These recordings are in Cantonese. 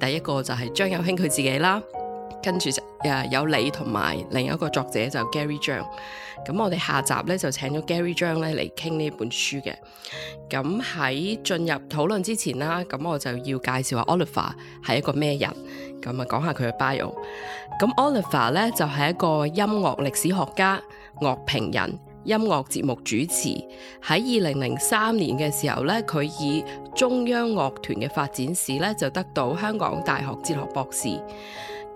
第一個就係張有興佢自己啦，跟住就誒有你同埋另一個作者就 Gary 張，咁我哋下集咧，就請咗 Gary 張咧嚟傾呢本書嘅。咁喺進入討論之前啦，咁我就要介紹下 Oliver 係一個咩人，咁啊講下佢嘅 bio。咁 Oliver 咧，就係一個音樂歷史學家、樂評人。音樂節目主持，喺二零零三年嘅時候咧，佢以中央樂團嘅發展史咧就得到香港大學哲學博士。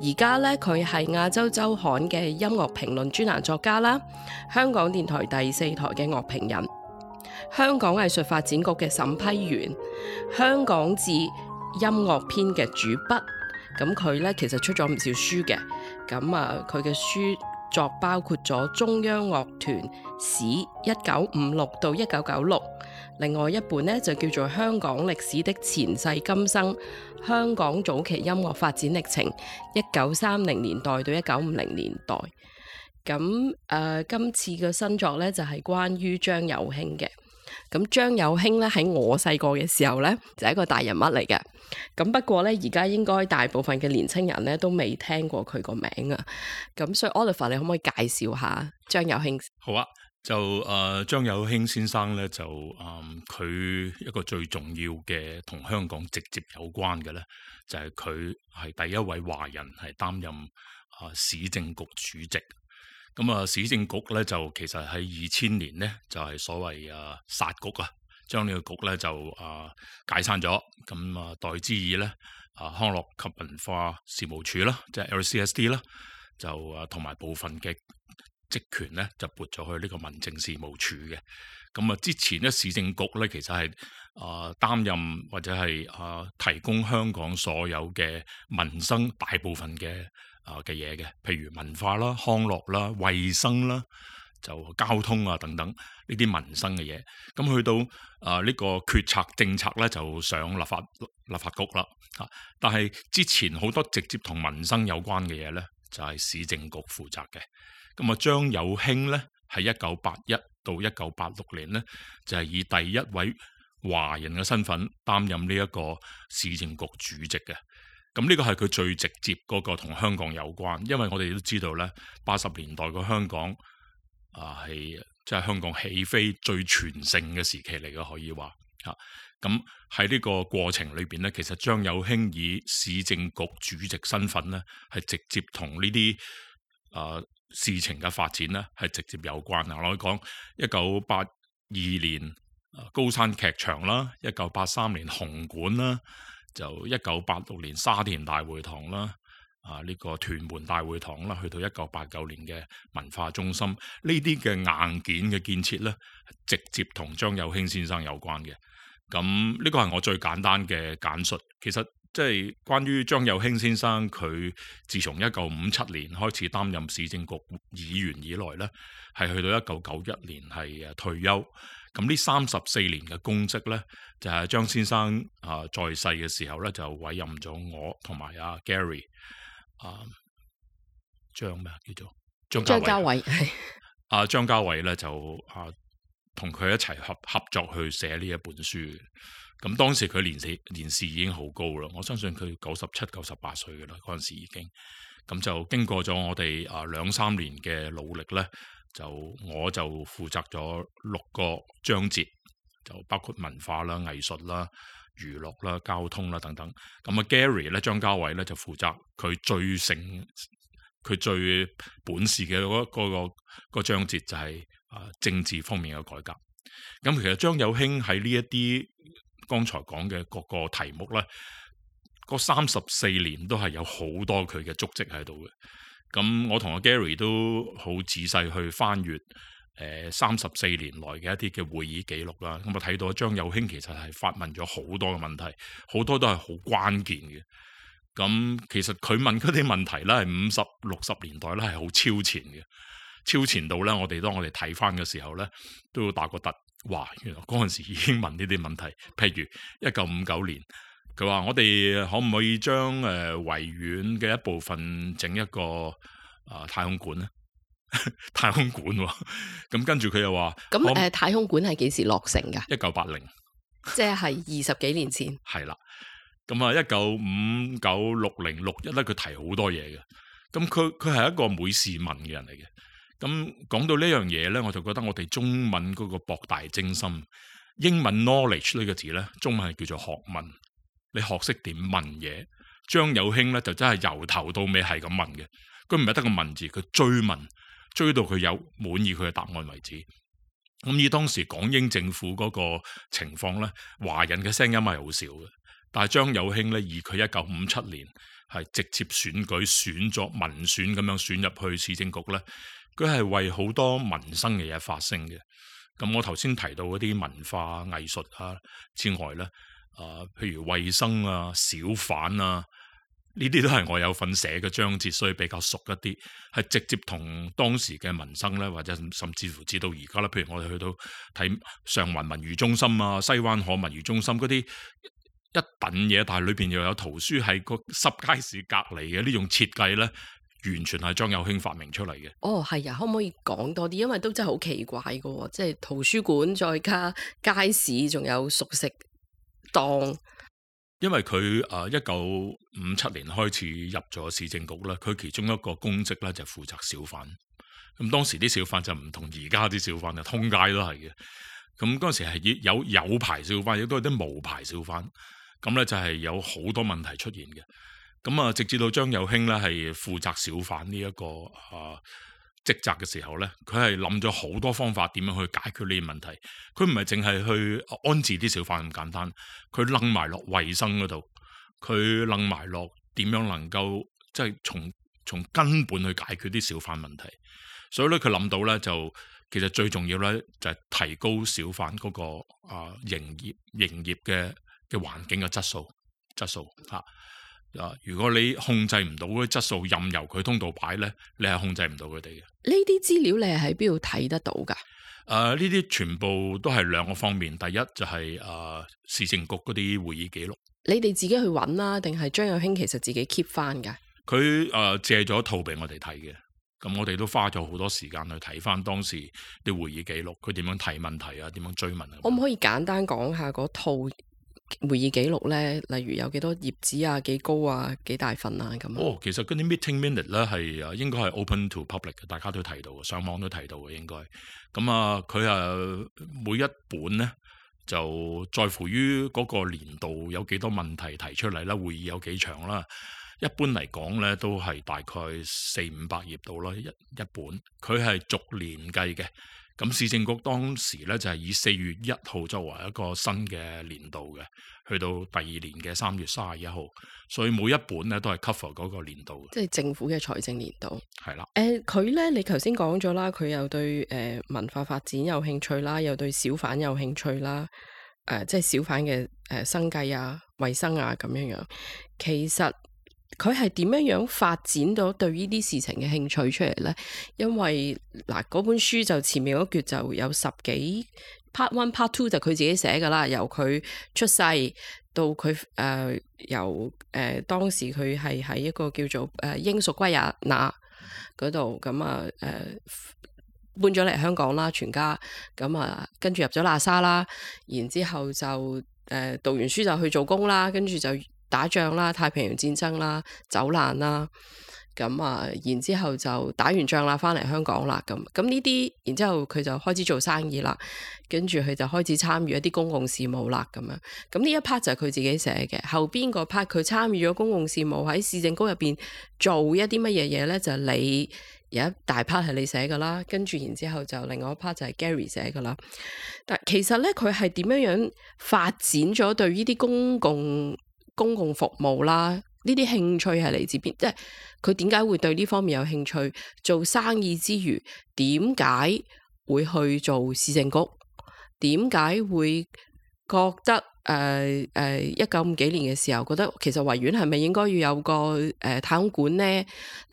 而家咧佢係亞洲周刊嘅音樂評論專欄作家啦，香港電台第四台嘅樂評人，香港藝術發展局嘅審批員，香港志音樂篇嘅主筆。咁佢咧其實出咗唔少書嘅，咁啊佢嘅書。作包括咗中央樂團史一九五六到一九九六，另外一本呢就叫做《香港歷史的前世今生：香港早期音樂發展歷程一九三零年代到一九五零年代》，咁誒、呃，今次嘅新作呢就係、是、關於張有興嘅。咁張有興咧，喺我細個嘅時候咧就係、是、一個大人物嚟嘅，咁不過咧而家應該大部分嘅年青人咧都未聽過佢個名啊，咁所以 Oliver 你可唔可以介紹下張有興先生？好啊，就誒張、呃、有興先生咧就誒佢、呃、一個最重要嘅同香港直接有關嘅咧就係佢係第一位華人係擔任啊、呃、市政局主席。咁啊，市政局咧就其實喺二千年咧就係、是、所謂啊殺局，局啊，將呢個局咧就啊解散咗。咁啊，代之以咧啊康樂及文化事務署啦、啊，即係 LCSD 啦、啊，就啊同埋部分嘅職權咧就撥咗去呢個民政事務署嘅。咁啊，之前咧市政局咧其實係啊擔任或者係啊提供香港所有嘅民生大部分嘅。啊嘅嘢嘅，譬如文化啦、康樂啦、衛生啦，就交通啊等等呢啲民生嘅嘢。咁、嗯、去到啊呢、呃這個決策政策咧，就上立法立法局啦。吓，但係之前好多直接同民生有關嘅嘢咧，就係、是、市政局負責嘅。咁、嗯、啊，張有興咧，喺一九八一到一九八六年咧，就係、是、以第一位華人嘅身份擔任呢一個市政局主席嘅。咁呢個係佢最直接嗰個同香港有關，因為我哋都知道咧，八十年代嘅香港啊係、呃、即係香港起飛最全盛嘅時期嚟嘅，可以話嚇。咁喺呢個過程裏邊咧，其實張有興以市政局主席身份咧，係直接同呢啲啊事情嘅發展咧係直接有關啊、嗯。我可以講一九八二年、呃、高山劇場啦，一九八三年紅館啦。就一九八六年沙田大會堂啦，啊呢、呢個屯門大會堂啦，去到一九八九年嘅文化中心，呢啲嘅硬件嘅建設呢，直接同張有興先生有關嘅。咁、嗯、呢、呢個係我最簡單嘅簡述。其實即係、就是、關於張有興先生，佢自從一九五七年開始擔任市政局議員以來呢，係去到一九九一年係退休。咁呢三十四年嘅功績咧，就係、是、張先生啊、呃、在世嘅時候咧，就委任咗我同埋阿 Gary 啊張咩叫做張家偉，係阿張家偉咧就啊同佢一齊合合作，去寫呢一本書。咁當時佢年事年事已經好高啦，我相信佢九十七九十八歲嘅啦，嗰陣時已經咁，就經過咗我哋啊兩三年嘅努力咧。就我就負責咗六個章節，就包括文化啦、藝術啦、娛樂啦、交通啦等等。咁啊，Gary 咧張家偉咧就負責佢最成佢最本事嘅嗰嗰個章節，就係啊政治方面嘅改革。咁其實張有興喺呢一啲剛才講嘅各個題目咧，嗰三十四年都係有好多佢嘅足跡喺度嘅。咁我同阿 Gary 都好仔細去翻閱誒三十四年來嘅一啲嘅會議記錄啦，咁啊睇到張有興其實係發問咗好多嘅問題，好多都係好關鍵嘅。咁其實佢問嗰啲問題咧，係五十六十年代咧係好超前嘅，超前到咧我哋當我哋睇翻嘅時候咧，都打個突，哇！原來嗰陣時已經問呢啲問題，譬如一九五九年。佢話我哋可唔可以將誒維園嘅一部分整一個啊太空館咧？太空館，咁跟住佢又話，咁誒太空館係幾時落成噶？一九八零，即係二十幾年前。係啦， 咁啊一九五九六零六一咧，佢提好多嘢嘅。咁佢佢係一個每事問嘅人嚟嘅。咁講到呢樣嘢咧，我就覺得我哋中文嗰個博大精深。英文 knowledge 呢個字咧，中文係叫做學問。你學識點問嘢，張有興咧就真係由頭到尾係咁問嘅，佢唔係得個問字，佢追問，追到佢有滿意佢嘅答案為止。咁、嗯、以當時港英政府嗰個情況咧，華人嘅聲音係好少嘅，但係張有興咧以佢一九五七年係直接選舉選作民選咁樣選入去市政局咧，佢係為好多民生嘅嘢發聲嘅。咁、嗯、我頭先提到嗰啲文化、藝術啊之外咧。啊，譬如衛生啊、小販啊，呢啲都係我有份寫嘅章節，所以比較熟一啲，係直接同當時嘅民生咧，或者甚至乎至到而家咧，譬如我哋去到睇上環文娛中心啊、西灣河文娛中心嗰啲一品嘢，但係裏邊又有圖書喺個濕街市隔籬嘅呢種設計咧，完全係張有興發明出嚟嘅。哦，係啊，可唔可以講多啲？因為都真係好奇怪嘅，即係圖書館再加街市，仲有熟食。當，因為佢誒一九五七年開始入咗市政局咧，佢其中一個公職咧就負責小販。咁當時啲小販就唔同而家啲小販就通街都係嘅。咁嗰時係有有牌小販，亦都有啲無牌小販。咁咧就係有好多問題出現嘅。咁啊，直至到張有興咧係負責小販呢一個啊。職責嘅時候咧，佢係諗咗好多方法點樣去解決呢啲問題。佢唔係淨係去安置啲小販咁簡單，佢掹埋落衛生嗰度，佢掹埋落點樣能夠即係從從根本去解決啲小販問題。所以咧，佢諗到咧就其實最重要咧就係、是、提高小販嗰、嗰個啊營業營業嘅嘅環境嘅質素質素啊。嗱，如果你控制唔到嗰啲質素，任由佢通道擺咧，你係控制唔到佢哋嘅。呢啲資料你係喺邊度睇得到噶？誒、呃，呢啲全部都係兩個方面，第一就係誒市政局嗰啲會議記錄。你哋自己去揾啦，定係張有興其實自己 keep 翻嘅。佢誒、呃、借咗套俾我哋睇嘅，咁我哋都花咗好多時間去睇翻當時啲會議記錄，佢點樣提問題啊，點樣追問。可唔可以簡單講下嗰套？會議記錄咧，例如有幾多頁紙啊、幾高啊、幾大份啊咁。哦，其實嗰啲 meeting minute 咧係啊，應該係 open to public 嘅，大家都提到嘅，上網都提到嘅應該。咁、嗯、啊，佢啊每一本咧就在乎於嗰個年度有幾多問題提出嚟啦，會議有幾長啦。一般嚟講咧，都係大概四五百頁到啦，一一本。佢係逐年計嘅。咁市政局當時咧就係、是、以四月一號作為一個新嘅年度嘅，去到第二年嘅三月三十一號，所以每一本咧都係 cover 嗰個年度嘅，即係政府嘅財政年度。係啦是的、呃，誒佢咧，你頭先講咗啦，佢又對誒、呃、文化發展有興趣啦，又對小販有興趣啦，誒、呃、即係小販嘅誒生計啊、衞生啊咁樣樣，其實。佢係點樣樣發展到對呢啲事情嘅興趣出嚟咧？因為嗱，本書就前面嗰句就有十幾 part one part two 就佢自己寫噶啦，由佢出世到佢誒、呃、由誒、呃、當時佢係喺一個叫做誒、呃、英屬圭亞那嗰度，咁啊誒搬咗嚟香港啦，全家咁啊、呃、跟住入咗喇沙啦，然之後就誒、呃、讀完書就去做工啦，跟住就。打仗啦，太平洋戰爭啦，走難啦，咁啊，然之後就打完仗啦，翻嚟香港啦，咁咁呢啲，然之後佢就開始做生意啦，跟住佢就開始參與一啲公共事務啦，咁樣，咁呢一 part 就係佢自己寫嘅，後邊個 part 佢參與咗公共事務喺市政局入邊做一啲乜嘢嘢呢？就係、你有一大 part 係你寫噶啦，跟住然之後就另外一 part 就係 Gary 寫噶啦，但其實呢，佢係點樣樣發展咗對呢啲公共？公共服務啦，呢啲興趣係嚟自邊？即係佢點解會對呢方面有興趣？做生意之餘，點解會去做市政局？點解會覺得誒誒，一九五幾年嘅時候，覺得其實維園係咪應該要有個誒、呃、太空館呢？呢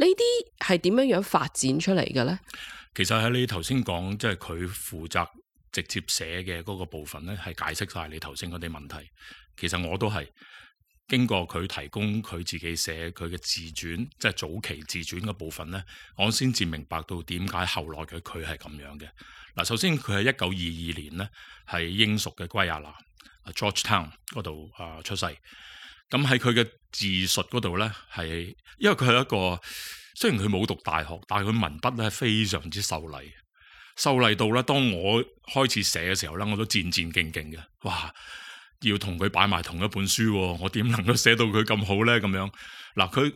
啲係點樣樣發展出嚟嘅咧？其實喺你頭先講，即係佢負責直接寫嘅嗰個部分咧，係解釋晒你頭先嗰啲問題。其實我都係。經過佢提供佢自己寫佢嘅自傳，即係早期自傳嘅部分咧，我先至明白到點解後來嘅佢係咁樣嘅。嗱，首先佢係一九二二年咧，喺英屬嘅圭亞那 （George Town） 嗰度啊出世。咁喺佢嘅自述嗰度咧，係因為佢係一個雖然佢冇讀大學，但係佢文筆咧係非常之秀麗，秀麗到咧，當我開始寫嘅時候咧，我都戰戰兢兢嘅。哇！要同佢擺埋同一本書，我點能夠寫到佢咁好咧？咁樣嗱，佢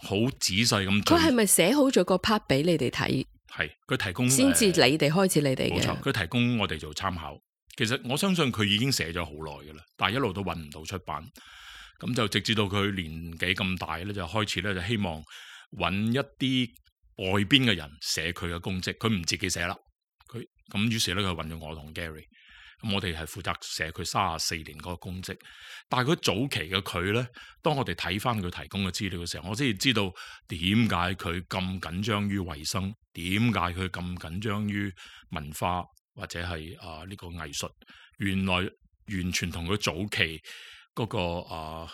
好仔細咁。佢係咪寫好咗個 part 俾你哋睇？係，佢提供先至你哋開始你，你哋冇錯。佢提供我哋做參考。其實我相信佢已經寫咗好耐噶啦，但係一路都揾唔到出版。咁就直至到佢年紀咁大咧，就開始咧就希望揾一啲外邊嘅人寫佢嘅公職，佢唔自己寫啦。佢咁於是咧，佢揾咗我同 Gary。我哋係負責寫佢三啊四年嗰個公職，但係佢早期嘅佢咧，當我哋睇翻佢提供嘅資料嘅時候，我先至知道點解佢咁緊張於衛生，點解佢咁緊張於文化或者係啊呢個藝術，原來完全同佢早期嗰、嗰個啊、呃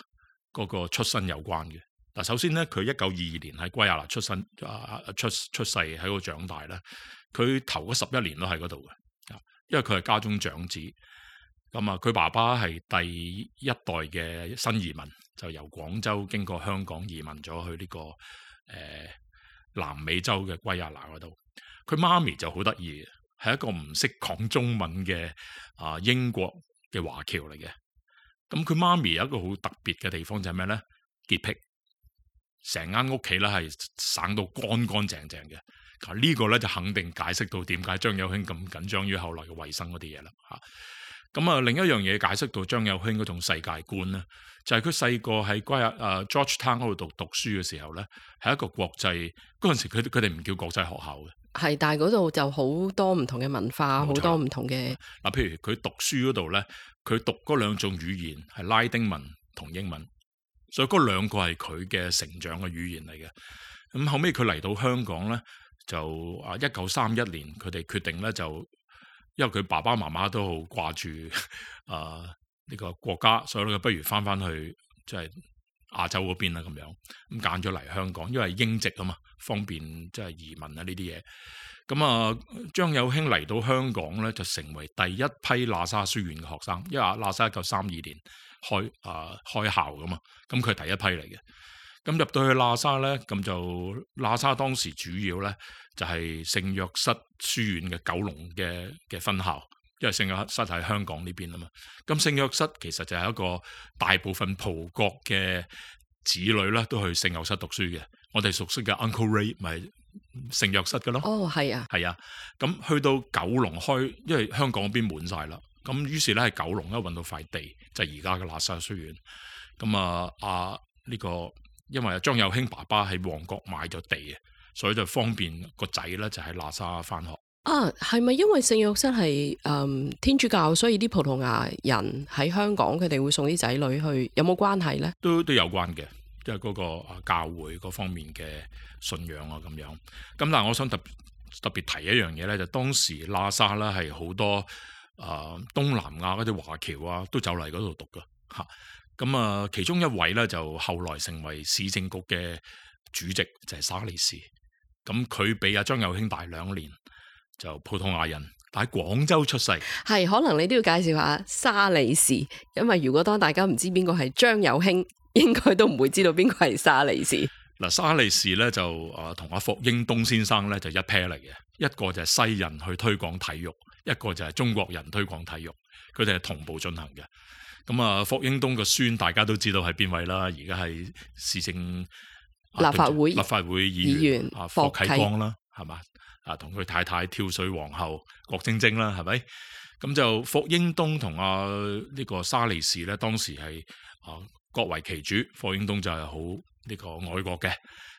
這個出身有關嘅。嗱，首先咧，佢一九二二年喺圭亞那出生啊、呃、出出世喺嗰度長大咧，佢頭嗰十一年都喺嗰度嘅。因為佢係家中長子，咁啊佢爸爸係第一代嘅新移民，就由廣州經過香港移民咗去呢、這個誒、呃、南美洲嘅圭亞那嗰度。佢媽咪就好得意，係一個唔識講中文嘅啊英國嘅華僑嚟嘅。咁佢媽咪有一個好特別嘅地方就係咩咧？潔癖。成間屋企咧係省到乾乾淨淨嘅。啊、嗱、呢個咧就肯定解釋到點解張有興咁緊張於後來嘅衛生嗰啲嘢啦，吓。咁啊，另一樣嘢解釋到張有興嗰種世界觀咧，就係佢細個喺圭亞那 George Town 嗰度讀讀書嘅時候咧，係一個國際，嗰陣時佢佢哋唔叫國際學校嘅，係但係嗰度就好多唔同嘅文化，好錯多唔同嘅。嗱、啊，譬如佢讀書嗰度咧，佢讀嗰兩種語言係拉丁文同英文。所以嗰兩個係佢嘅成長嘅語言嚟嘅，咁後尾佢嚟到香港咧，就啊一九三一年佢哋決定咧就，因為佢爸爸媽媽都好掛住啊呢個國家，所以佢不如翻翻去即係亞洲嗰邊啦咁樣，咁揀咗嚟香港，因為英籍啊嘛，方便即係移民啊呢啲嘢。咁啊張有興嚟到香港咧，就成為第一批喇沙書院嘅學生，因為喇沙一九三二年。開啊、呃、開校噶嘛，咁佢係第一批嚟嘅。咁、嗯、入到去喇沙咧，咁就喇沙當時主要咧就係聖約瑟書院嘅九龍嘅嘅分校，因為聖約瑟係香港呢邊啊嘛。咁聖約瑟其實就係一個大部分葡國嘅子女啦，都去聖約瑟讀書嘅。我哋熟悉嘅 Uncle Ray 咪聖約瑟嘅咯。哦，係啊，係啊。咁、嗯、去到九龍開，因為香港嗰邊滿晒啦。咁於是咧，喺九龍咧揾到塊地，就係而家嘅喇沙書院。咁、嗯、啊，啊、這、呢個因為張有興爸爸喺旺角買咗地啊，所以就方便個仔咧就喺喇沙翻學。啊，係咪因為聖約瑟係誒天主教，所以啲葡萄牙人喺香港佢哋會送啲仔女去，有冇關係咧？都都有關嘅，即係嗰個教會嗰方面嘅信仰啊咁樣。咁但係我想特別特別提一樣嘢咧，就是、當時喇沙咧係好多。啊，東南亞嗰啲華僑啊，都走嚟嗰度讀噶嚇。咁啊，其中一位咧就後來成為市政局嘅主席，就係、是、沙利士。咁、啊、佢比阿張有興大兩年，就葡萄牙人，喺廣州出世。係，可能你都要介紹下沙利士，因為如果當大家唔知邊個係張有興，應該都唔會知道邊個係沙利士。嗱、啊，沙利士咧就啊，同阿霍英東先生咧就一 pair 嚟嘅。一個就係西人去推廣體育，一個就係中國人推廣體育，佢哋係同步進行嘅。咁啊，霍英東個孫大家都知道係邊位啦，而家係市政立法會、啊、立法會議員霍啟剛啦，係嘛？啊，同佢太太跳水皇后郭晶晶啦，係咪？咁就霍英東同啊，呢、呢個沙利士咧，當時係啊各為其主，霍英東就係好呢個愛國嘅，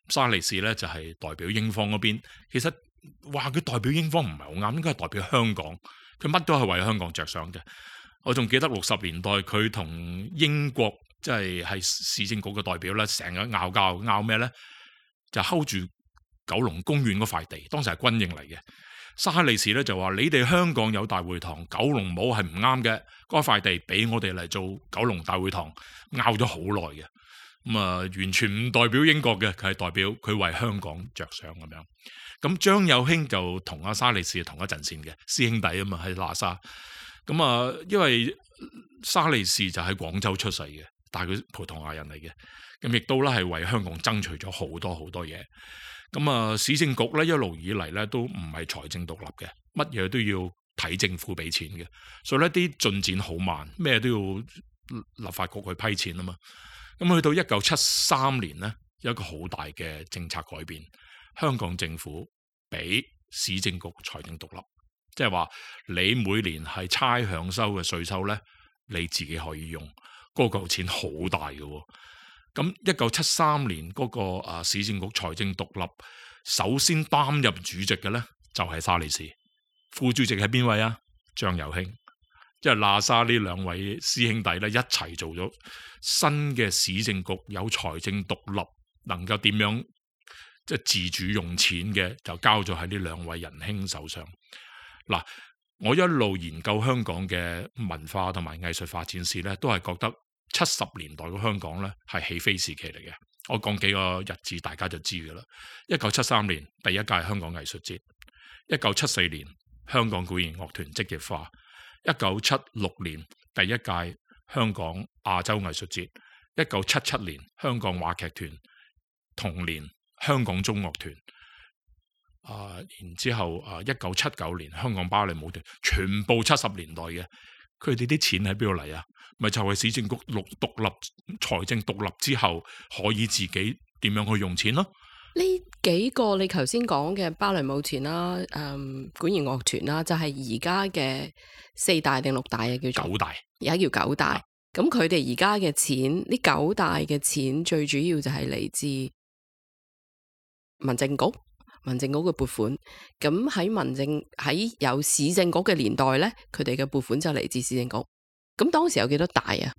沙利士咧就係代表英方嗰邊，其實。話佢代表英方，唔係好啱，應該係代表香港。佢乜都係為香港着想嘅。我仲記得六十年代佢同英國即係係市政局嘅代表啦，成日拗交拗咩咧，就是、hold 住九龍公園嗰塊地，當時係軍營嚟嘅。沙利士咧就話：你哋，香港有大會堂，九龍冇係唔啱嘅。嗰塊地俾我哋嚟做九龍大會堂，拗咗好耐嘅。咁、嗯、啊、呃，完全唔代表英國嘅，佢係代表佢為香港着想咁樣。咁張有興就同阿沙利士同一陣線嘅師兄弟啊嘛，喺拉沙。咁啊，因為沙利士就喺廣州出世嘅，但係佢葡萄牙人嚟嘅，咁亦都咧係為香港爭取咗好多好多嘢。咁啊，市政局咧一路以嚟咧都唔係財政獨立嘅，乜嘢都要睇政府俾錢嘅，所以咧啲進展好慢，咩都要立法局去批錢啊嘛。咁去到一九七三年咧，有一個好大嘅政策改變。香港政府俾市政局財政獨立，即係話你每年係差餉收嘅稅收咧，你自己可以用，嗰嚿錢好大嘅，哦。咁一九七三年嗰，那個啊市政局財政獨立，首先擔任主席嘅咧就係，是、沙利士，副主席係邊位啊？張有興，即係喇沙呢兩位師兄弟咧一齊做咗新嘅市政局有財政獨立，能夠點樣？即係自主用錢嘅，就交咗喺呢兩位仁兄手上。嗱，我一路研究香港嘅文化同埋藝術發展史咧，都係覺得七十年代嘅香港咧係起飛時期嚟嘅。我講幾個日子，大家就知噶啦。一九七三年第一屆香港藝術節，一九七四年香港管弦樂團職業化，一九七六年第一屆香港亞洲藝術節，一九七七年香港話劇團同年。香港中樂團啊，然之後啊，一九七九年香港芭蕾舞團，全部七十年代嘅，佢哋啲錢喺邊度嚟啊？咪就係市政局獨獨立財政獨立之後，可以自己點樣去用錢咯、啊？呢幾個你頭先講嘅芭蕾舞團啦、啊，誒、嗯、管弦樂團啦，就係而家嘅四大定六大嘅、啊、叫做、叫九大，而家叫九大。咁佢哋而家嘅錢，呢九大嘅錢，最主要就係嚟自民政局，民政局嘅撥款，咁喺民政喺有市政局嘅年代咧，佢哋嘅撥款就嚟自市政局。咁當時有幾多大啊？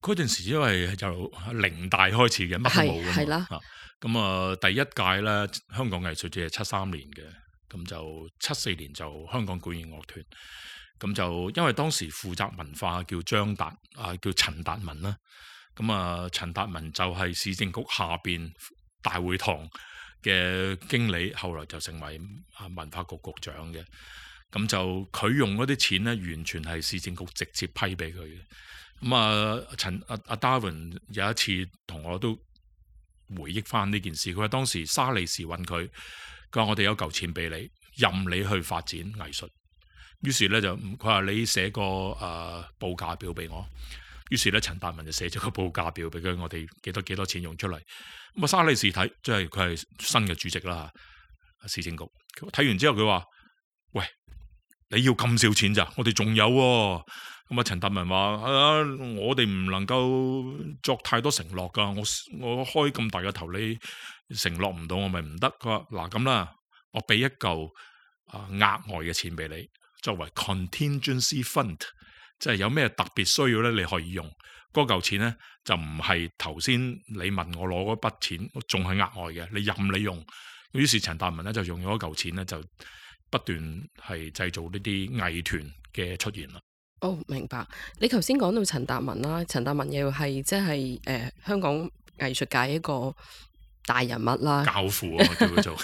嗰陣時因為由零大開始嘅，乜都冇噶嘛。咁啊，第一屆咧，香港藝術節係七三年嘅，咁就七四年就香港管弦樂團。咁就因為當時負責文化叫張達，啊叫陳達文啦。咁啊，陳達文就係市政局下邊大會堂嘅經理後來就成為啊文化局局長嘅，咁就佢用嗰啲錢咧，完全係市政局直接批俾佢嘅。咁啊，陳啊啊 Darwin 有一次同我都回憶翻呢件事，佢話當時沙利士揾佢，佢話我哋有嚿錢俾你，任你去發展藝術。於是咧就佢話你寫個誒、呃、報價表俾我，於是咧陳達文就寫咗個報價表俾佢，我哋幾多幾多錢用出嚟。咁啊，沙利士睇，即係佢係新嘅主席啦。市政局睇完之後，佢話：喂，你要咁少錢咋？我哋仲有、哦。咁、嗯、啊，陳達文話：啊，我哋唔能夠作太多承諾噶。我我開咁大嘅頭，你承諾唔到，我咪唔得。佢話：嗱，咁啦，我俾一嚿額外嘅錢俾你，作為 contingency fund，即係有咩特別需要咧，你可以用嗰嚿錢咧。就唔係頭先你問我攞嗰筆錢，仲係額外嘅，你任你用。於是陳達文咧就用咗一嚿錢咧，就不斷係製造呢啲藝團嘅出現啦。哦，明白。你頭先講到陳達文啦，陳達文又係即係誒香港藝術界一個大人物啦，教父啊，我叫佢做。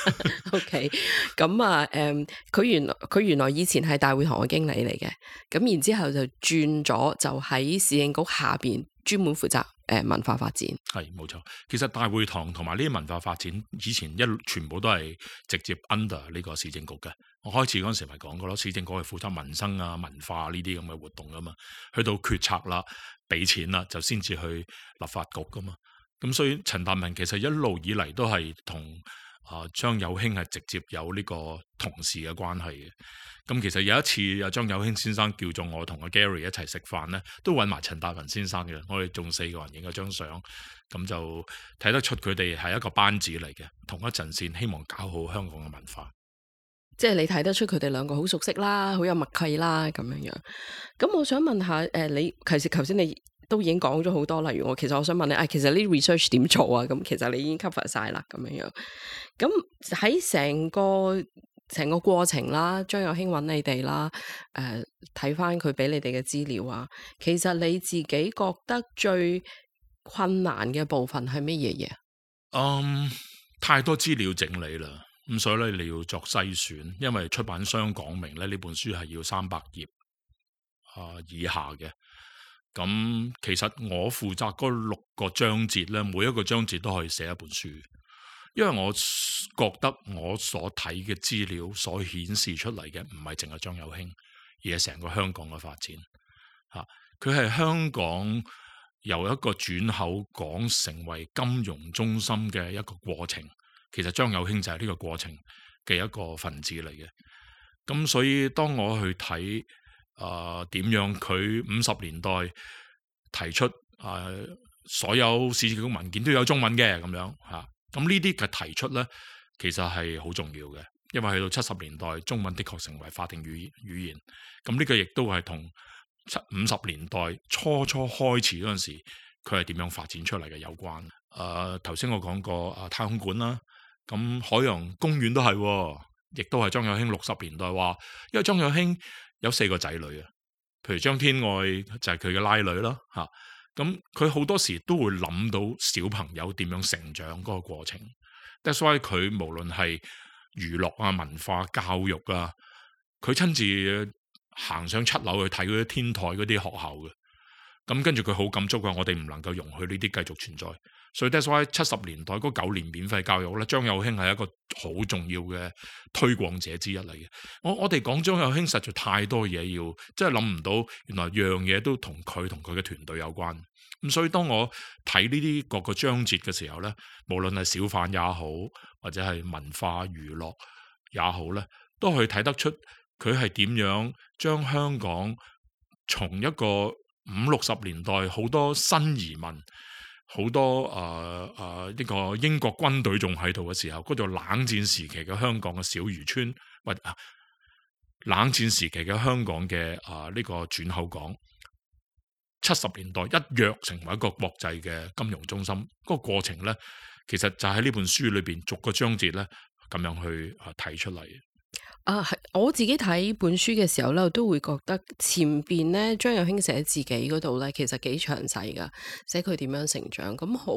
OK，咁啊，誒，佢原來佢原來以前係大會堂嘅經理嚟嘅，咁然之後就轉咗，就喺市政局下邊專門負責誒、呃、文化發展。係冇錯，其實大會堂同埋呢啲文化發展以前一全部都係直接 under 呢個市政局嘅。我開始嗰陣時咪講過咯，市政局係負責民生啊、文化呢啲咁嘅活動噶嘛，去到決策啦、俾錢啦，就先至去立法局噶嘛。咁所以陳達文其實一路以嚟都係同啊張有興係直接有呢個同事嘅關係嘅。咁其實有一次啊張有興先生叫咗我同阿 Gary 一齊食飯咧，都搵埋陳達文先生嘅。我哋仲四個人影咗張相，咁就睇得出佢哋係一個班子嚟嘅，同一陣線，希望搞好香港嘅文化。即係你睇得出佢哋兩個好熟悉啦，好有默契啦，咁樣樣。咁我想問下誒、呃，你其實頭先你。都已經講咗好多例，例如我其實我想問你，啊、哎，其實呢啲 research 點做啊？咁其實你已經 cover 晒啦，咁樣樣。咁喺成個成個過程啦，張有興揾你哋啦，誒、呃，睇返佢俾你哋嘅資料啊。其實你自己覺得最困難嘅部分係乜嘢嘢？嗯，um, 太多資料整理啦，咁所以咧你要作篩選，因為出版商講明咧呢本書係要三百頁啊以下嘅。咁其實我負責嗰六個章節咧，每一個章節都可以寫一本書，因為我覺得我所睇嘅資料所顯示出嚟嘅唔係淨係張有興，而係成個香港嘅發展。吓，佢係香港由一個轉口港成為金融中心嘅一個過程，其實張有興就係呢個過程嘅一個分子嚟嘅。咁所以當我去睇。誒點、呃、樣佢五十年代提出誒、呃、所有市政局文件都有中文嘅，咁樣吓，咁呢啲嘅提出咧，其實係好重要嘅，因為去到七十年代中文的確成為法定語語言，咁呢個亦都係同七五十年代初初開始嗰陣時，佢係點樣發展出嚟嘅有關。誒頭先我講過誒、呃、太空館啦，咁海洋公園都係、哦，亦都係張有興六十年代話，因為張有興。有四個仔女啊，譬如張天愛就係佢嘅拉女啦，吓咁佢好多時都會諗到小朋友點樣成長嗰個過程，that's why 佢無論係娛樂啊、文化教育啊，佢親自行上七樓去睇嗰啲天台嗰啲學校嘅，咁跟住佢好感觸嘅，我哋唔能夠容許呢啲繼續存在。所以，之所以七十年代嗰九年免費教育咧，張有興係一個好重要嘅推廣者之一嚟嘅。我，我哋講張有興，實在太多嘢要，即係諗唔到，原來樣嘢都同佢同佢嘅團隊有關。咁所以，當我睇呢啲各個章節嘅時候咧，無論係小販也好，或者係文化娛樂也好咧，都可以睇得出佢係點樣將香港從一個五六十年代好多新移民。好多啊啊，呢、呃呃這個英國軍隊仲喺度嘅時候，嗰、那、度、個、冷戰時期嘅香港嘅小漁村，或、呃、冷戰時期嘅香港嘅啊呢個轉口港，七十年代一躍成為一個國際嘅金融中心。嗰、那個過程咧，其實就喺呢本書裏邊逐個章節咧，咁樣去啊睇、呃、出嚟。啊，係我自己睇本書嘅時候咧，我都會覺得前邊咧，張有興寫自己嗰度咧，其實幾詳細噶寫佢點樣成長，咁好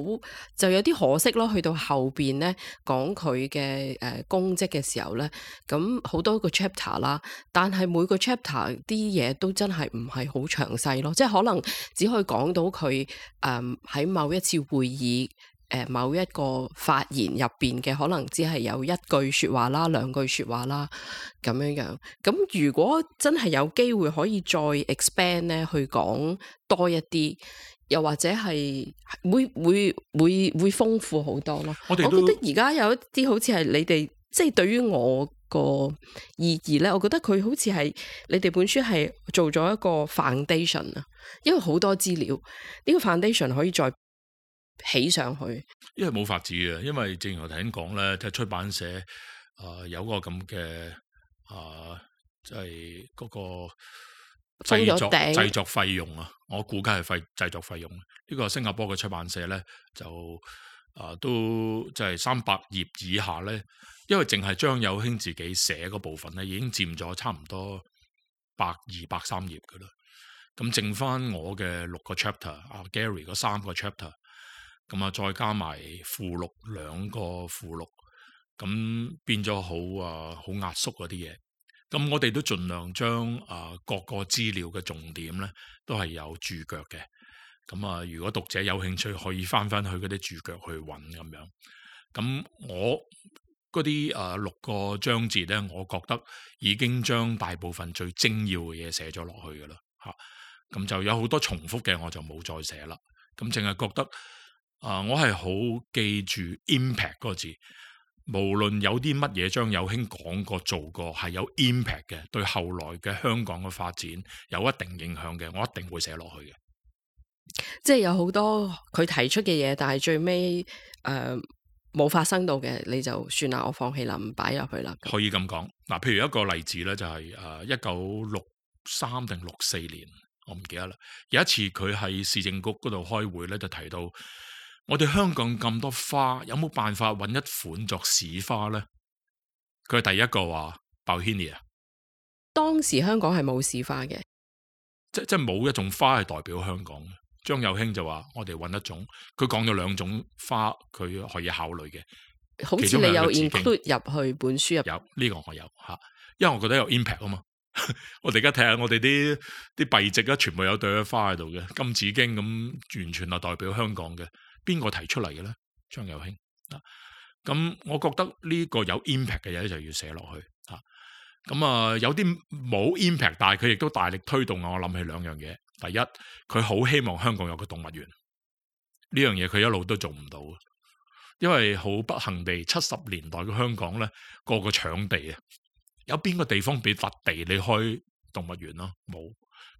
就有啲可惜咯。去到後邊咧，講佢嘅誒功績嘅時候咧，咁好多個 chapter 啦，但係每個 chapter 啲嘢都真係唔係好詳細咯，即係可能只可以講到佢誒喺某一次會議。誒某一個發言入邊嘅，可能只係有一句説話啦，兩句説話啦，咁樣樣。咁如果真係有機會可以再 expand 咧，去講多一啲，又或者係會會會會豐富好多咯。我覺得而家有一啲好似係你哋，即係對於我個意義咧，我覺得佢好似係你哋本書係做咗一個 foundation 啊，因為好多資料，呢個 foundation 可以再起上去，因為冇法子嘅，因為正如我頭先講咧，即係出版社啊、呃，有個咁嘅啊，即係嗰個製作製作費用啊，我估計係費製作費用。呢個新加坡嘅出版社咧，就啊、呃、都即係三百頁以下咧，因為淨係張有興自己寫嗰部分咧，已經佔咗差唔多百二百三頁噶啦。咁剩翻我嘅六個 chapter，啊 Gary 嗰三個 chapter。咁啊，再加埋附錄，兩個附錄，咁變咗好啊，好、呃、壓縮嗰啲嘢。咁我哋都盡量將啊、呃、各個資料嘅重點咧，都係有注腳嘅。咁啊，如果讀者有興趣，可以翻翻去嗰啲注腳去揾咁樣。咁我嗰啲啊六個章節咧，我覺得已經將大部分最精要嘅嘢寫咗落去噶啦。吓、啊，咁就有好多重複嘅，我就冇再寫啦。咁淨係覺得。啊！我係好記住 impact 嗰個字，無論有啲乜嘢張有興講過、做過，係有 impact 嘅，對後來嘅香港嘅發展有一定影響嘅，我一定會寫落去嘅。即係有好多佢提出嘅嘢，但係最尾誒冇發生到嘅，你就算啦，我放棄啦，唔擺入去啦。可以咁講嗱，譬如一個例子咧，就係誒一九六三定六四年，我唔記得啦。有一次佢喺市政局嗰度開會咧，就提到。我哋香港咁多花，有冇辦法搵一款作市花咧？佢係第一個話，Bauhinia 啊。當時香港係冇市花嘅，即即係冇一種花係代表香港。張有興就話：我哋搵一種，佢講咗兩種花，佢可以考慮嘅。好似像你，你有 include 入去本書入，有呢、這個我有吓，因為我覺得有 impact 啊嘛。 我哋而家睇下我哋啲啲幣值啊，全部有對花喺度嘅金紫荊咁，完全係代表香港嘅。邊個提出嚟嘅咧？張有興啊，咁我覺得呢個有 impact 嘅嘢就要寫落去啊。咁啊，有啲冇 impact，但係佢亦都大力推動。我諗起兩樣嘢，第一，佢好希望香港有個動物園，呢樣嘢佢一路都做唔到，因為好不幸地，七十年代嘅香港咧，個個搶地啊，有邊個地方俾笪地你開動物園咯？冇。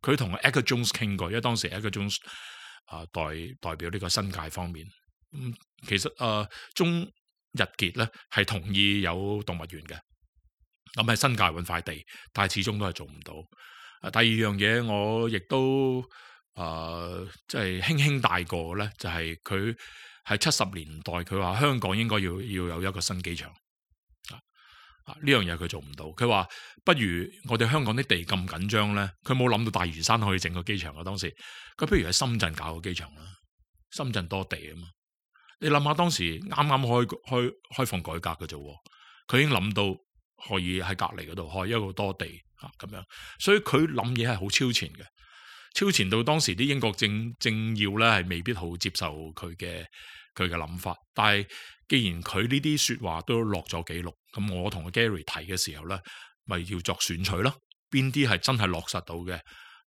佢同 Akers-Jones 傾過，因為當時 Akers-Jones。啊、呃，代代表呢個新界方面，嗯、其實誒，中、呃、日杰咧係同意有動物園嘅，咁、嗯、喺新界搵塊地，但係始終都係做唔到。第二樣嘢，我亦都誒，即、呃、係、就是、輕輕帶過咧，就係佢喺七十年代，佢話香港應該要要有一個新機場。啊！呢樣嘢，佢做唔到。佢話，不如我哋香港啲地咁緊張咧，佢冇諗到大嶼山可以整個機場啊！當時佢不如喺深圳搞個機場啦，深圳多地啊嘛。你諗下，當時啱啱開開開放改革嘅啫，佢已經諗到可以喺隔離嗰度開一個多地啊咁樣。所以佢諗嘢係好超前嘅，超前到當時啲英國政政要咧係未必好接受佢嘅佢嘅諗法。但係既然佢呢啲說話都落咗記錄。咁我同 Gary 提嘅時候咧，咪、就是、要作選取咯？邊啲係真係落實到嘅？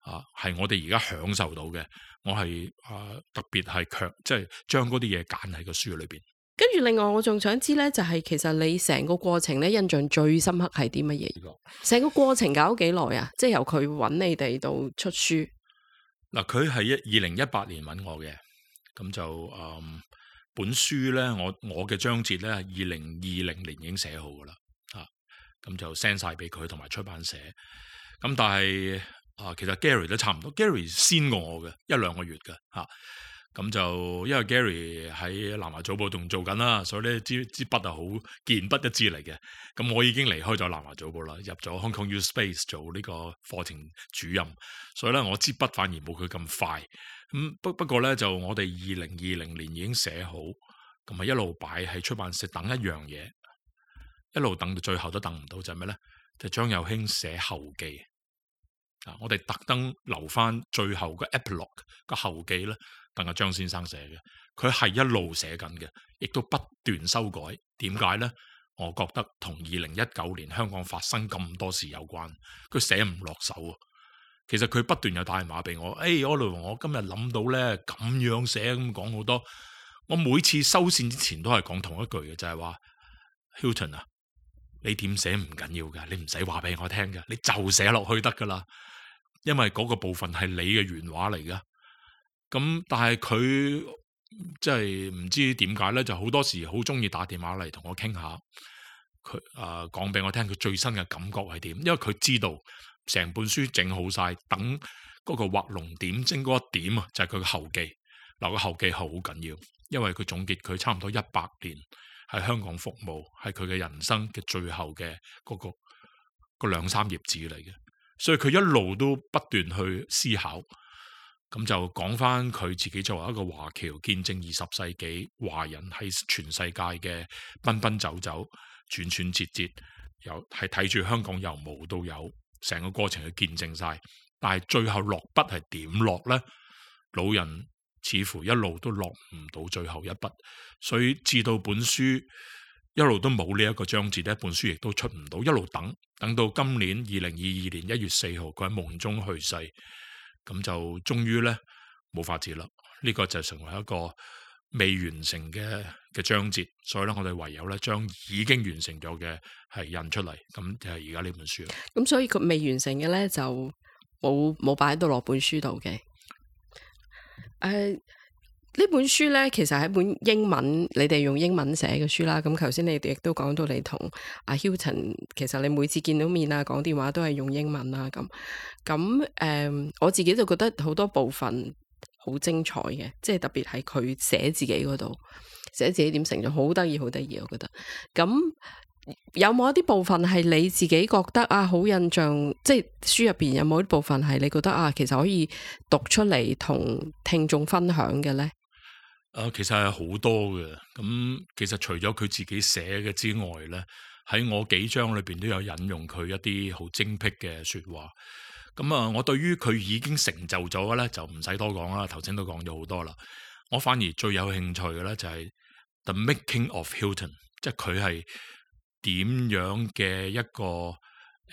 啊，係我哋而家享受到嘅，我係啊特別係強，即係將嗰啲嘢揀喺個書裏邊。跟住另外我仲想知咧，就係、是、其實你成個過程咧，印象最深刻係啲乜嘢？成個過程搞咗幾耐啊？即係由佢揾你哋到出書。嗱，佢係一二零一八年揾我嘅，咁就嗯。本書咧，我我嘅章節咧，二零二零年已經寫好噶啦，啊，咁就 send 晒俾佢同埋出版社。咁、啊、但係啊，其實 Gary 都差唔多，Gary 先過我嘅一兩個月嘅，嚇、啊。咁就因為 Gary 喺南華早報仲做緊啦，所以咧支支筆見不啊好健筆一支嚟嘅。咁我已經離開咗南華早報啦，入咗 Hong Kong U Space 做呢個課程主任，所以咧我支筆反而冇佢咁快。咁、嗯、不不過咧，就我哋二零二零年已經寫好，咁啊一路擺喺出版社等一樣嘢，一路等到最後都等唔到就，就係咩咧？就張有興寫後記啊！我哋特登留翻最後個 epilogue 個後記咧，等張先生寫嘅，佢係一路寫緊嘅，亦都不斷修改。點解咧？我覺得同二零一九年香港發生咁多事有關，佢寫唔落手啊！其實佢不斷有打電話俾我，誒，我老我今日諗到咧，咁樣寫，咁講好多。我每次收線之前都係講同一句嘅，就係話：Hilton 啊，你點寫唔緊要噶，你唔使話俾我聽噶，你就寫落去得噶啦。因為嗰個部分係你嘅原話嚟噶。咁但係佢即係唔知點解咧，就好多時好中意打電話嚟同我傾下。佢啊講俾我聽佢最新嘅感覺係點，因為佢知道。成本書整好晒，等嗰個畫龍點睛嗰一點啊，就係佢嘅後記。嗱，個後記好緊要，因為佢總結佢差唔多一百年喺香港服務，係佢嘅人生嘅最後嘅嗰、那個個兩三頁紙嚟嘅。所以佢一路都不斷去思考，咁就講翻佢自己作為一個華僑見證二十世紀華人喺全世界嘅奔奔走走、轉轉折折，又係睇住香港由無到有。成個過程去見證晒，但係最後落筆係點落呢？老人似乎一路都落唔到最後一筆，所以至到本書一路都冇呢一個章節，呢本書亦都出唔到，一路等，等到今年二零二二年一月四號佢喺夢中去世，咁就終於呢冇法子啦。呢、這個就成為一個未完成嘅。嘅章節，所以咧我哋唯有咧將已經完成咗嘅係印出嚟，咁就係而家呢本書。咁所以佢未完成嘅咧就冇冇擺到落本書度嘅。誒，呢本書咧其實係一本英文，你哋用英文寫嘅書啦。咁頭先你哋亦都講到你同阿 Hilton，其實你每次見到面啊，講電話都係用英文啦。咁咁誒，uh, 我自己就覺得好多部分。好精彩嘅，即係特別係佢寫自己嗰度，寫自己點成長，好得意，好得意，我覺得。咁有冇一啲部分係你自己覺得啊好印象？即係書入邊有冇一部分係你覺得啊，其實可以讀出嚟同聽眾分享嘅呢？啊，其實係好多嘅。咁其實除咗佢自己寫嘅之外呢，喺我幾章裏邊都有引用佢一啲好精闢嘅說話。咁啊、嗯，我對於佢已經成就咗嘅咧，就唔使多講啦。頭先都講咗好多啦，我反而最有興趣嘅咧，就係 The Making of Hilton，即係佢係點樣嘅一個誒、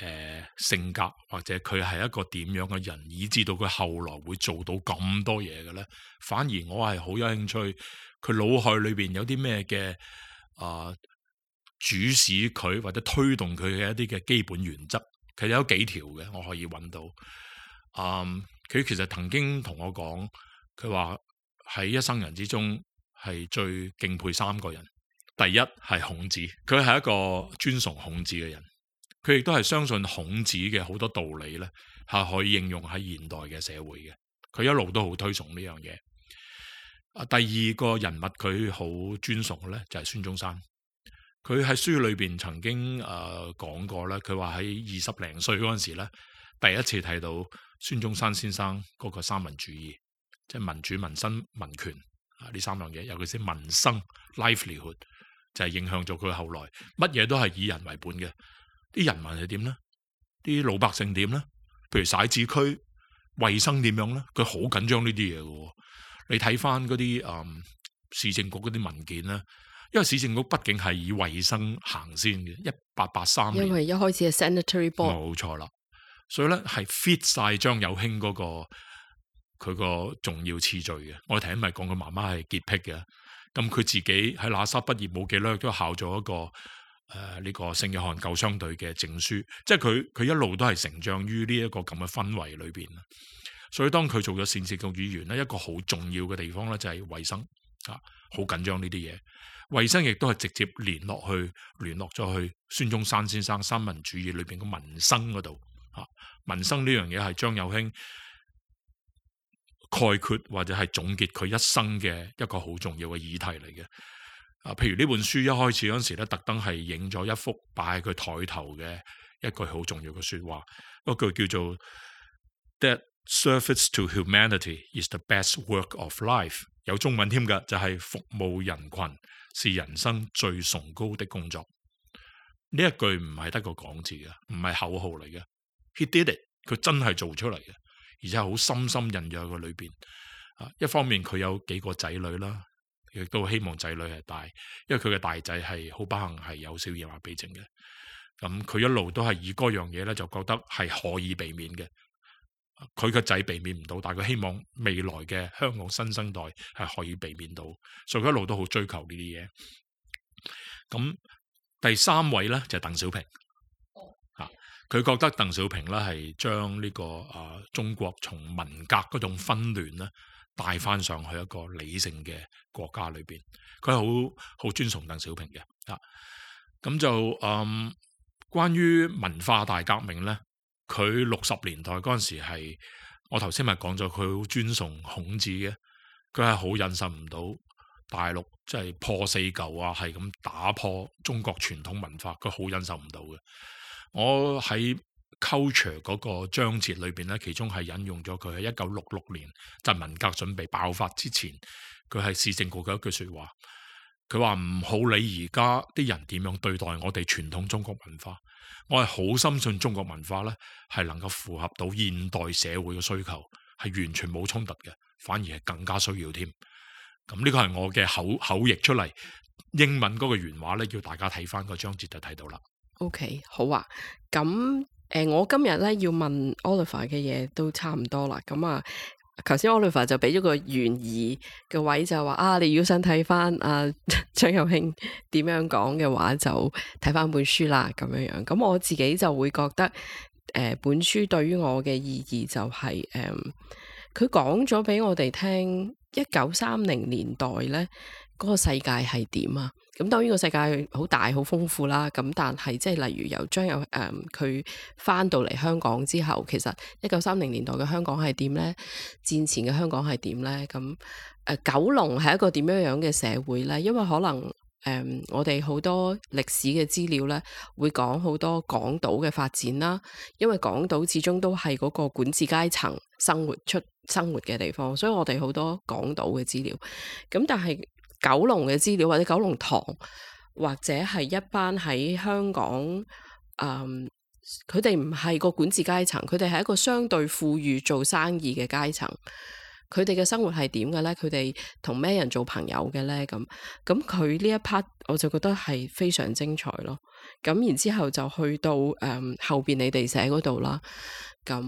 呃、性格，或者佢係一個點樣嘅人，以至到佢後來會做到咁多嘢嘅咧。反而我係好有興趣，佢腦海裏邊有啲咩嘅啊主使佢或者推動佢嘅一啲嘅基本原則佢有幾條嘅，我可以揾到。嗯，佢其實曾經同我講，佢話喺一生人之中係最敬佩三個人。第一係孔子，佢係一個尊崇孔子嘅人，佢亦都係相信孔子嘅好多道理咧，係可以應用喺現代嘅社會嘅。佢一路都好推崇呢樣嘢。第二個人物佢好尊崇嘅咧，就係孫中山。佢喺書裏邊曾經誒、呃、講過咧，佢話喺二十零歲嗰陣時咧，第一次睇到孫中山先生嗰個三民主義，即係民主、民生、民權啊呢三樣嘢，尤其是民生 livelihood 就係影響咗佢後來乜嘢都係以人為本嘅。啲人民係點咧？啲老百姓點咧？譬如徙置區衛生點樣咧？佢好緊張呢啲嘢嘅。你睇翻嗰啲誒市政局嗰啲文件咧，因為市政局畢竟係以衛生行先嘅，一八八三年。因為一開始係 sanitary board。冇錯啦，所以咧係 fit 晒張有興嗰個佢個重要次序嘅。我頭先咪講佢媽媽係潔癖嘅，咁佢自己喺喇沙畢業冇幾耐，都考咗一個誒呢、呃這個聖約翰救傷隊嘅證書。即係佢佢一路都係成長於呢一個咁嘅氛圍裏邊。所以當佢做咗市政局議員咧，一個好重要嘅地方咧就係衛生啊，好緊張呢啲嘢。衛生亦都係直接聯絡去，聯絡咗去孫中山先生三民主義裏邊嘅民生嗰度。啊，民生呢樣嘢係張有興概括或者係總結佢一生嘅一個好重要嘅議題嚟嘅。啊，譬如呢本書一開始嗰時咧，特登係影咗一幅擺喺佢台頭嘅一句好重要嘅說話，一句叫做 That service to humanity is the best work of life。有中文添嘅，就係、是、服務人群。是人生最崇高的工作。呢一句唔係得個講字嘅，唔係口號嚟嘅。He did it，佢真係做出嚟嘅，而且好深深印入個裏邊。啊，一方面佢有幾個仔女啦，亦都希望仔女係大，因為佢嘅大仔係好不幸，係有小兒麻痺症嘅。咁佢一路都係以嗰樣嘢咧，就覺得係可以避免嘅。佢個仔避免唔到，但係佢希望未來嘅香港新生代係可以避免到，所以佢一路都好追求呢啲嘢。咁第三位咧就係、是、鄧小平，吓、啊、佢覺得鄧小平咧係將呢、這個啊、呃、中國從文革嗰種紛亂咧帶翻上去一個理性嘅國家裏邊，佢係好好尊崇鄧小平嘅吓。咁、啊、就嗯關於文化大革命咧。佢六十年代嗰陣時係，我頭先咪講咗佢好尊崇孔子嘅，佢係好忍受唔到大陸即係破四舊啊，係咁打破中國傳統文化，佢好忍受唔到嘅。我喺 culture 嗰個章節裏邊咧，其中係引用咗佢喺一九六六年，就係文革準備爆發之前，佢係市政局嘅一句說話，佢話唔好理而家啲人點樣對待我哋傳統中國文化。我係好深信中國文化咧，係能夠符合到現代社會嘅需求，係完全冇衝突嘅，反而係更加需要添。咁、嗯、呢、這個係我嘅口口譯出嚟英文嗰個原話咧，叫大家睇翻個章節就睇到啦。OK，好啊。咁誒、呃，我今日咧要問 Oliver 嘅嘢都差唔多啦。咁啊。頭先 Oliver 就畀咗個懸疑嘅位，就話啊，你要想睇翻阿張有興點樣講嘅話，就睇翻本書啦，咁樣樣。咁我自己就會覺得，誒、呃，本書對於我嘅意義就係、是，誒、嗯，佢講咗畀我哋聽一九三零年代咧嗰、那個世界係點啊。咁、嗯、當然個世界好大好豐富啦，咁但係即係例如由張有誒佢翻到嚟香港之後，其實一九三零年代嘅香港係點咧？戰前嘅香港係點咧？咁、呃、誒，九龍係一個點樣樣嘅社會咧？因為可能誒、呃，我哋好多歷史嘅資料咧，會講好多港島嘅發展啦。因為港島始終都係嗰個管治階層生活出生活嘅地方，所以我哋好多港島嘅資料。咁、嗯、但係，九龍嘅資料，或者九龍塘，或者係一班喺香港，嗯，佢哋唔係個管治階層，佢哋係一個相對富裕做生意嘅階層，佢哋嘅生活係點嘅呢？佢哋同咩人做朋友嘅呢？咁咁佢呢一 part，我就覺得係非常精彩咯。咁然之後就去到誒、嗯、後邊你哋寫嗰度啦。咁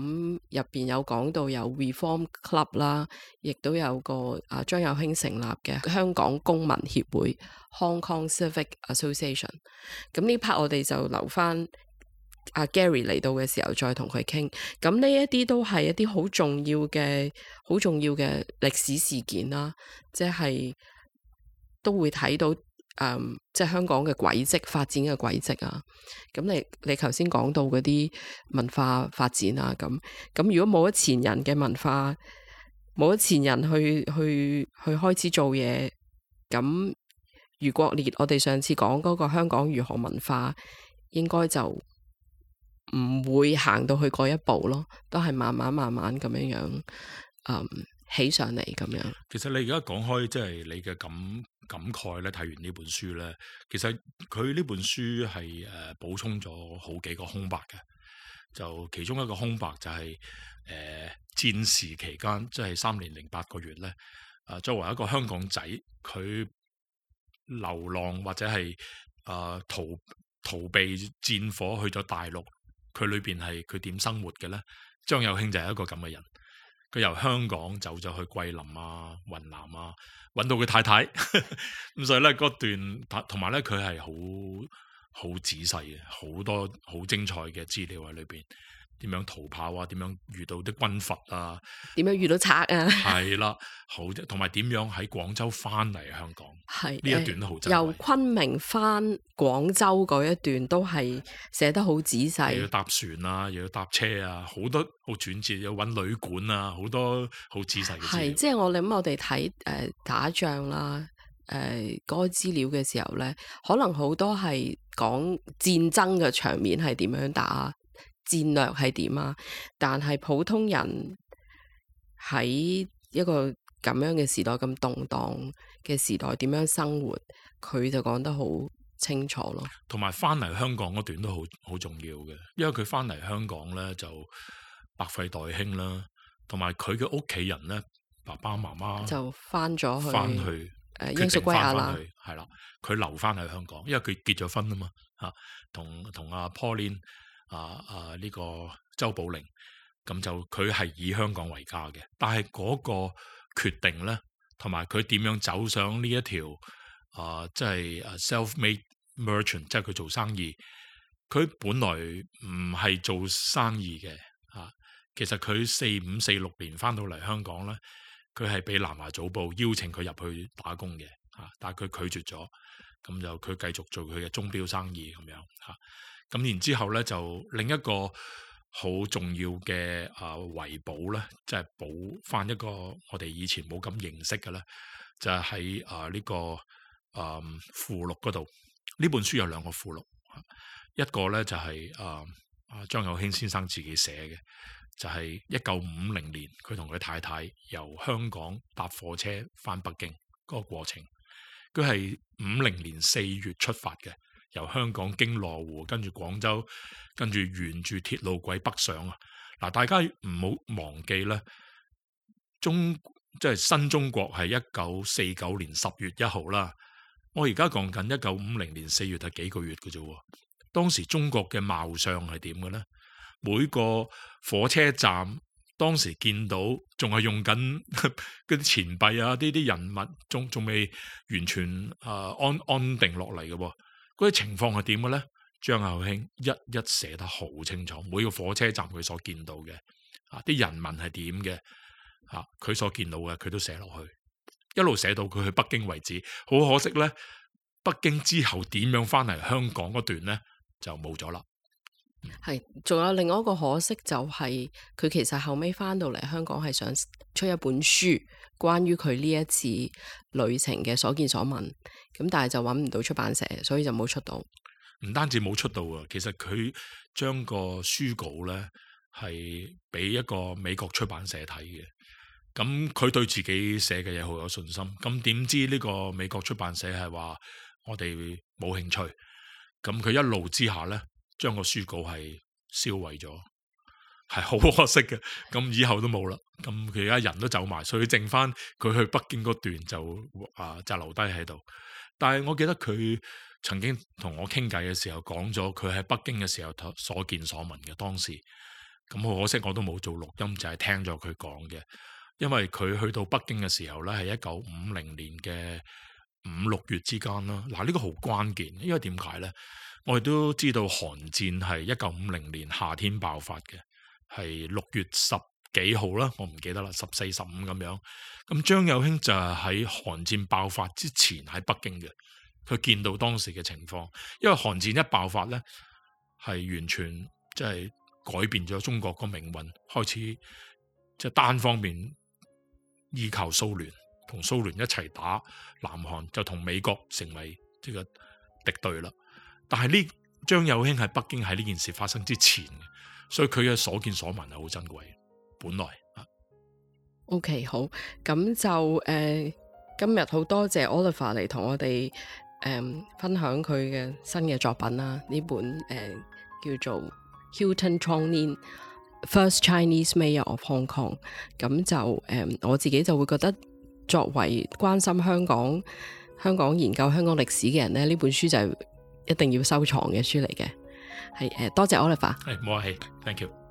入邊有講到有 Reform Club 啦，亦都有個啊張有興成立嘅香港公民協會 （Hong Kong Civic Association）。咁呢 part 我哋就留翻阿 Gary 嚟到嘅時候再同佢傾。咁呢一啲都係一啲好重要嘅、好重要嘅歷史事件啦，即係都會睇到。Um, 即係香港嘅軌迹發展嘅軌迹啊！咁你你頭先講到嗰啲文化發展啊，咁咁如果冇咗前人嘅文化，冇咗前人去去去開始做嘢，咁如國烈我哋上次講嗰個香港如何文化，應該就唔會行到去嗰一步咯，都係慢慢慢慢咁樣樣，um, 起上嚟咁樣其、就是。其實你而家講開，即係你嘅感感慨咧。睇完呢本書咧，其實佢呢本書係誒補充咗好幾個空白嘅。就其中一個空白就係、是、誒、呃、戰時期間，即係三年零八個月咧。啊、呃，作為一個香港仔，佢流浪或者係啊、呃、逃逃避戰火去咗大陸，佢裏邊係佢點生活嘅咧？張有興就係一個咁嘅人。佢由香港走咗去桂林啊、雲南啊，揾到佢太太，咁 所以咧嗰段同埋咧佢係好好仔細嘅，好多好精彩嘅資料喺裏邊。點樣逃跑啊？點樣遇到啲軍閥啊？點樣遇到賊啊？係 啦，好，同埋點樣喺廣州翻嚟、啊、香港？係呢是一段都好正、呃。由昆明翻廣州嗰一段都係寫得好仔細。又要搭船啊，又要搭車啊，好多好轉折，又搵旅館啊，好多好仔細。係，即係我諗，我哋睇誒打仗啦、啊，誒、呃、嗰、那個資料嘅時候咧，可能好多係講戰爭嘅場面係點樣打。戰略係點啊？但係普通人喺一個咁樣嘅時代，咁動盪嘅時代，點樣生活？佢就講得好清楚咯。同埋翻嚟香港嗰段都好好重要嘅，因為佢翻嚟香港咧就百廢待興啦，同埋佢嘅屋企人咧，爸爸媽媽就翻咗去，去。翻、啊、去誒，英屬圭亞那啦，係啦，佢留翻喺香港，因為佢結咗婚啊嘛，吓同同阿 Pauline。啊啊！呢、這個周保玲，咁就佢係以香港為家嘅，但係嗰個決定咧，同埋佢點樣走上呢一條啊，即、就、係、是、self-made merchant，即係佢做生意。佢本來唔係做生意嘅啊，其實佢四五四六年翻到嚟香港咧，佢係俾南華早報邀請佢入去打工嘅啊，但係佢拒絕咗，咁就佢繼續做佢嘅鐘表生意咁樣啊。咁然之後咧，就另一個好重要嘅啊維保咧，即係補翻一個我哋以前冇咁認識嘅咧，就係喺啊呢個啊附錄嗰度。呢、呃、本書有兩個附錄，一個咧就係啊張有興先生自己寫嘅，就係一九五零年佢同佢太太由香港搭火車翻北京嗰、那個過程。佢係五零年四月出發嘅。由香港經羅湖，跟住廣州，跟住沿住鐵路軌北上啊！嗱，大家唔好忘記啦，中即係新中國係一九四九年十月一號啦。我而家講緊一九五零年四月係幾個月嘅啫喎。當時中國嘅貌相係點嘅咧？每個火車站當時見到仲係用緊啲錢幣啊，呢啲人物仲仲未完全誒、呃、安安定落嚟嘅喎。嗰啲情況係點嘅咧？張有興一一寫得好清楚，每個火車站佢所見到嘅，啊，啲人民係點嘅，啊佢所見到嘅佢都寫落去，一路寫到佢去北京為止。好可惜咧，北京之後點樣翻嚟香港嗰段咧就冇咗啦。係、嗯，仲有另外一個可惜就係、是，佢其實後尾翻到嚟香港係想出一本書，關於佢呢一次旅程嘅所見所聞。咁但係就揾唔到出版社，所以就冇出到。唔單止冇出到啊，其實佢將個書稿咧係俾一個美國出版社睇嘅。咁佢對自己寫嘅嘢好有信心。咁點知呢個美國出版社係話我哋冇興趣。咁佢一怒之下咧，將個書稿係燒毀咗，係好可惜嘅。咁以後都冇啦。咁佢而家人都走埋，所以剩翻佢去北京嗰段就啊、呃、就留低喺度。但係我記得佢曾經同我傾偈嘅時候講咗佢喺北京嘅時候所見所聞嘅當時，咁可惜我都冇做錄音，就係聽咗佢講嘅。因為佢去到北京嘅時候呢，係一九五零年嘅五六月之間啦。嗱、這、呢個好關鍵，因為點解呢？我哋都知道韓戰係一九五零年夏天爆發嘅，係六月十。幾號啦？我唔記得啦，十四十五咁樣。咁張有興就喺韓戰爆發之前喺北京嘅，佢見到當時嘅情況。因為韓戰一爆發呢，係完全即係改變咗中國個命運，開始即係單方面依靠蘇聯，同蘇聯一齊打南韓，就同美國成為即個敵對啦。但係呢張有興喺北京喺呢件事發生之前，所以佢嘅所見所聞係好珍貴。本來 OK 好，咁就誒、呃、今日好多謝 Oliver 嚟同我哋誒、呃、分享佢嘅新嘅作品啦。呢本誒、呃、叫做 Hilton Cheong-Leen First Chinese Mayor of Hong Kong。咁就誒、呃、我自己就會覺得作為關心香港、香港研究香港歷史嘅人咧，呢本書就係一定要收藏嘅書嚟嘅。係誒、呃、多謝 Oliver。係冇客氣，Thank you。